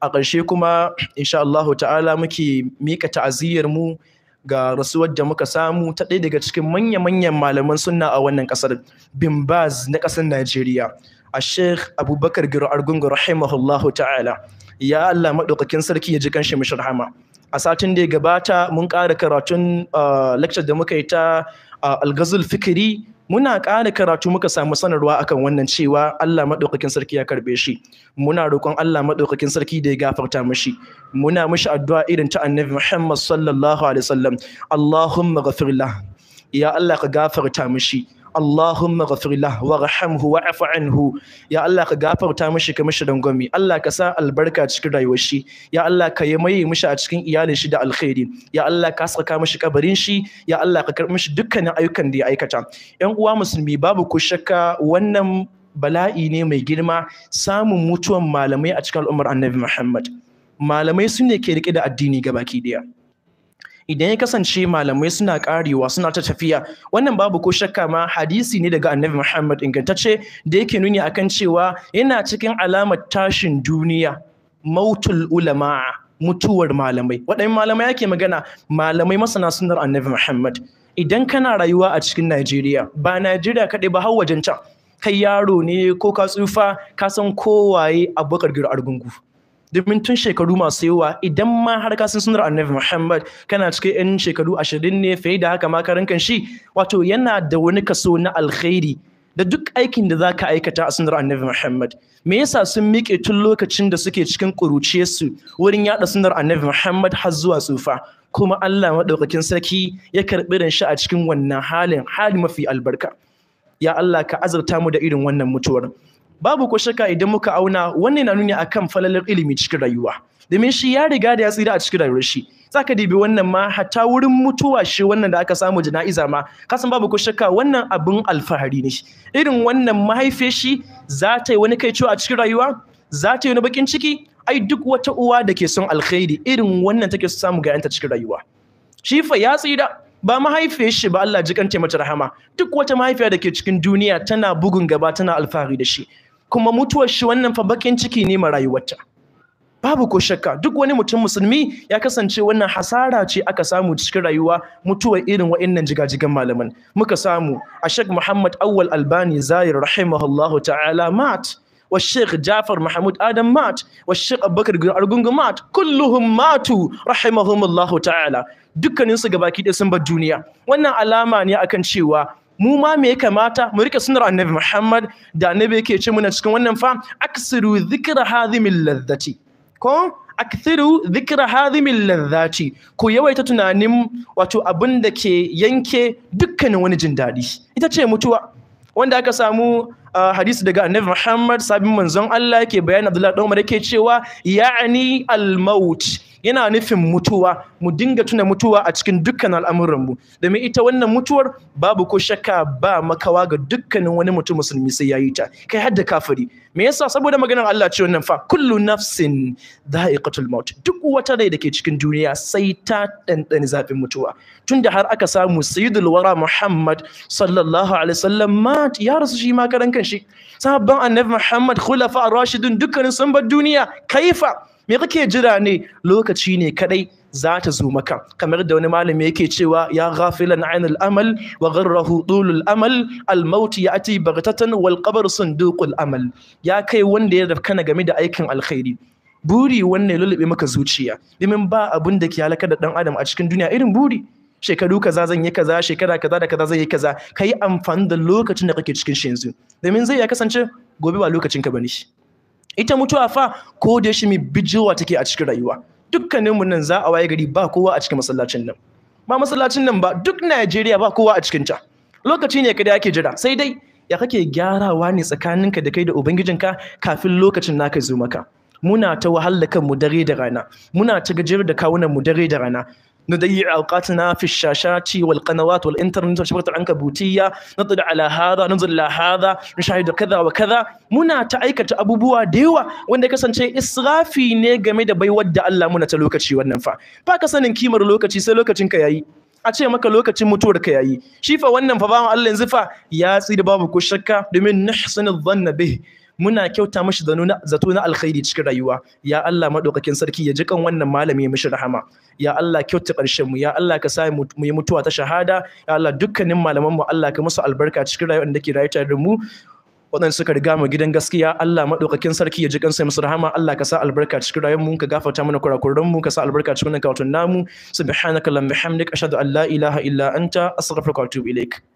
a ƙarshe kuma insha Allahu ta'ala muke mika ta'aziyyar mu ga rasuwar da muka samu ta ɗaya daga cikin manya-manyan malaman sunna a wannan ƙasar Bimbaz na ƙasar najeriya a sheikh abubakar giro argungu rahimahullahu ta'ala ya allah maɗaukakin sarki ya ji kanshi mu rahama a satin da ya gabata mun ƙara karatun ah, lecture da muka yi ta ah, algazul fikiri muna ƙara karatu muka samu sanarwa akan wannan cewa Allah maɗaukakin sarki ya karɓe shi muna roƙon Allah maɗaukakin sarki da ya gafarta mashi muna mashi addu'a irin ta annabi Muhammad sallallahu alaihi wasallam Allahumma ghafir ya Allah ka gafarta mashi Allahumma ghafirlah warhamhu wa'fu anhu ya Allah ka gafarta mishi ka mishi dangwami Allah ka sa albarka cikin rayuwar shi ya Allah ka yi mai mishi a cikin iyalin shi da alkhairi ya Allah ka saka mishi kabarin shi ya Allah ka karbi mishi dukkanin ayyukan da ya aikata ƴan uwa musulmi babu ku shakka wannan bala'i ne mai girma samun mutuwan malamai a cikin al'ummar annabi Muhammad malamai su ne ke rike da addini gabaki daya idan ya kasance malamai suna karewa suna ta tafiya wannan babu ko shakka ma hadisi ne daga annabi Muhammad ingantacce da yake nuni akan cewa yana cikin alamar tashin duniya mautul ulama mutuwar malamai waɗannan malamai yake magana malamai masana sunnar annabi Muhammad idan kana rayuwa a cikin Najeriya ba Najeriya kaɗai ba har wajen can kai yaro ne ko ka tsufa ka san kowaye abubakar gir argungu domin tun shekaru masu yawa idan ma har ka san sunar annabi Muhammad kana cikin yan shekaru ashirin ne fiye da haka ma karankan shi wato yana da wani kaso na alkhairi da duk aikin da za ka aikata a sunar annabi Muhammad. Me yasa sun miƙe tun lokacin da suke cikin su wurin yaɗa sunar annabi Muhammad har zuwa tsufa. Kuma Allah maɗaukakin sarki ya karɓi ran shi a cikin wannan halin hali mafi albarka. Ya Allah ka azurta mu da irin wannan mutuwar. babu ko shaka idan muka auna wannan na nuni akan falalar ilimi cikin rayuwa domin shi ya riga da ya tsira a cikin rayuwar shi zaka dibi wannan ma hatta wurin mutuwa shi wannan da aka samu jana'iza ma kasan babu ko shaka wannan abin alfahari ne irin wannan mahaifiyar shi za ta yi wani kai a cikin rayuwa za ta yi wani bakin ciki ai duk wata uwa da ke son alkhairi irin wannan take su samu ga 'yanta cikin rayuwa shi fa ya tsira ba mahaifiyar shi ba Allah jikanta mata rahama duk wata mahaifiya da ke cikin duniya tana bugun gaba tana alfahari da shi kuma mutuwar shi wannan fa bakin ciki ne ma rayuwarta babu ko shakka duk wani mutum musulmi ya kasance wannan hasara ce aka samu cikin rayuwa mutuwar irin wa'annan jigajigan malaman muka samu a Muhammad Awwal Albani Zahir rahimahullahu ta'ala mat والشيخ جعفر محمود آدم مات والشيخ أبو بكر أرغونغ مات كلهم ماتوا رحمهم الله ta'ala. dukkaninsu gabaki ɗaya sun bar duniya wannan alama ne akan cewa mu ma me ya kamata mu rike sunar annabi Muhammad da annabi yake ce muna cikin wannan fa aksiru dhikra hadhimil ladhati ko aksiru dhikra hadhimil ladhati ku yawaita tunanin wato abin da ke yanke dukkanin wani jin daɗi ita ce mutuwa wanda aka samu hadisi daga annabi Muhammad sabin manzon Allah yake bayani Abdullah dan Umar yake cewa yani al-maut yana nufin mutuwa mu dinga tuna mutuwa a cikin dukkan al'amuranmu domin ita wannan mutuwar babu ko shakka ba makawa ga dukkanin wani mutum musulmi sai yayi ta kai hadda kafiri me yasa saboda maganar Allah ce wannan fa kullu nafsin dha'iqatul maut duk wata rai ke cikin duniya sai ta dandani zafin mutuwa tunda har aka samu sayyidul wara Muhammad sallallahu alaihi wasallam mat ya rasu shi ma karan kan shi annabi Muhammad khulafa rashidun dukkanin sun bar duniya kaifa me kake jira ne lokaci ne kadai za ta zo maka kamar da wani malami yake cewa ya ghafilan anil amal wa gharrahu tulul amal al maut yati baghtatan wal qabr sunduqul amal ya kai wanda ya rafkana game da aikin alkhairi buri wannan ya lulluɓe maka zuciya domin ba abin da ke halaka da dan adam a cikin duniya irin buri shekaru kaza zan yi kaza shekara kaza da kaza zan yi kaza ka amfani da lokacin da kake cikin shi yanzu domin zai ya kasance gobe ba lokacin ka bane shi ita mutuwa fa ko da shi mai bijiwa take a cikin rayuwa dukkaninmu nan za a waye gari ba kowa a cikin masallacin nan ba masallacin nan ba duk Najeriya ba kowa a cikin ta lokaci ne kada ake jira sai dai ya kake gyarawa ne tsakaninka da kai da ubangijinka kafin lokacin naka zo maka muna ta wahala kanmu dare da rana muna ta gajiyar da kawunan mu dare da rana نضيع اوقاتنا في الشاشات والقنوات والانترنت والشبكه العنكبوتيه نطلع على هذا ننظر الى هذا نشاهد كذا وكذا muna ta aikata abubuwa da yawa wanda kasance israfi ne game da baiwar da Allah muna ta lokaci wannan fa ba ka sanin kimar lokaci sai lokacin ka yayi a ce maka lokacin mutuwar ka yayi shi fa wannan fa mu Allah yanzu fa ya tsira babu ko shakka domin nahsinu dhanna bihi. muna kyauta mishi zato na alkhairi cikin rayuwa ya Allah madaukakin sarki ya ji kan wannan malami ya mishi rahama ya Allah kyauta ƙarshen mu ya Allah ka sa mu yi mutuwa ta shahada ya Allah dukkanin malaman mu Allah ka musu albarka cikin rayuwar da ke rayu tare mu waɗanda suka riga mu gidan gaskiya Allah maɗaukakin sarki ya ji kansa musu rahama Allah ka sa albarka cikin rayuwar mu ka gafarta mana kurakuran mu ka sa albarka cikin wannan namu subhanaka lam bihamdik ashhadu an la ilaha illa anta astaghfiruka wa atubu ilaik